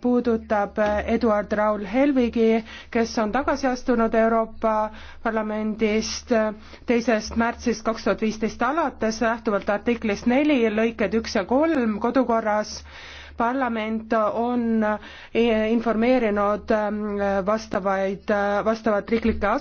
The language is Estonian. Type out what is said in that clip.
puudutab Eduard Raul Helvigi, kes on tagasi astunud Euroopa Parlamendist teisest märtsist kaks tuhat viisteist alates lähtuvalt artiklist neli lõiked üks ja kolm kodukorras. parlament on informeerinud ähm, vastavaid, vastavat riiklikke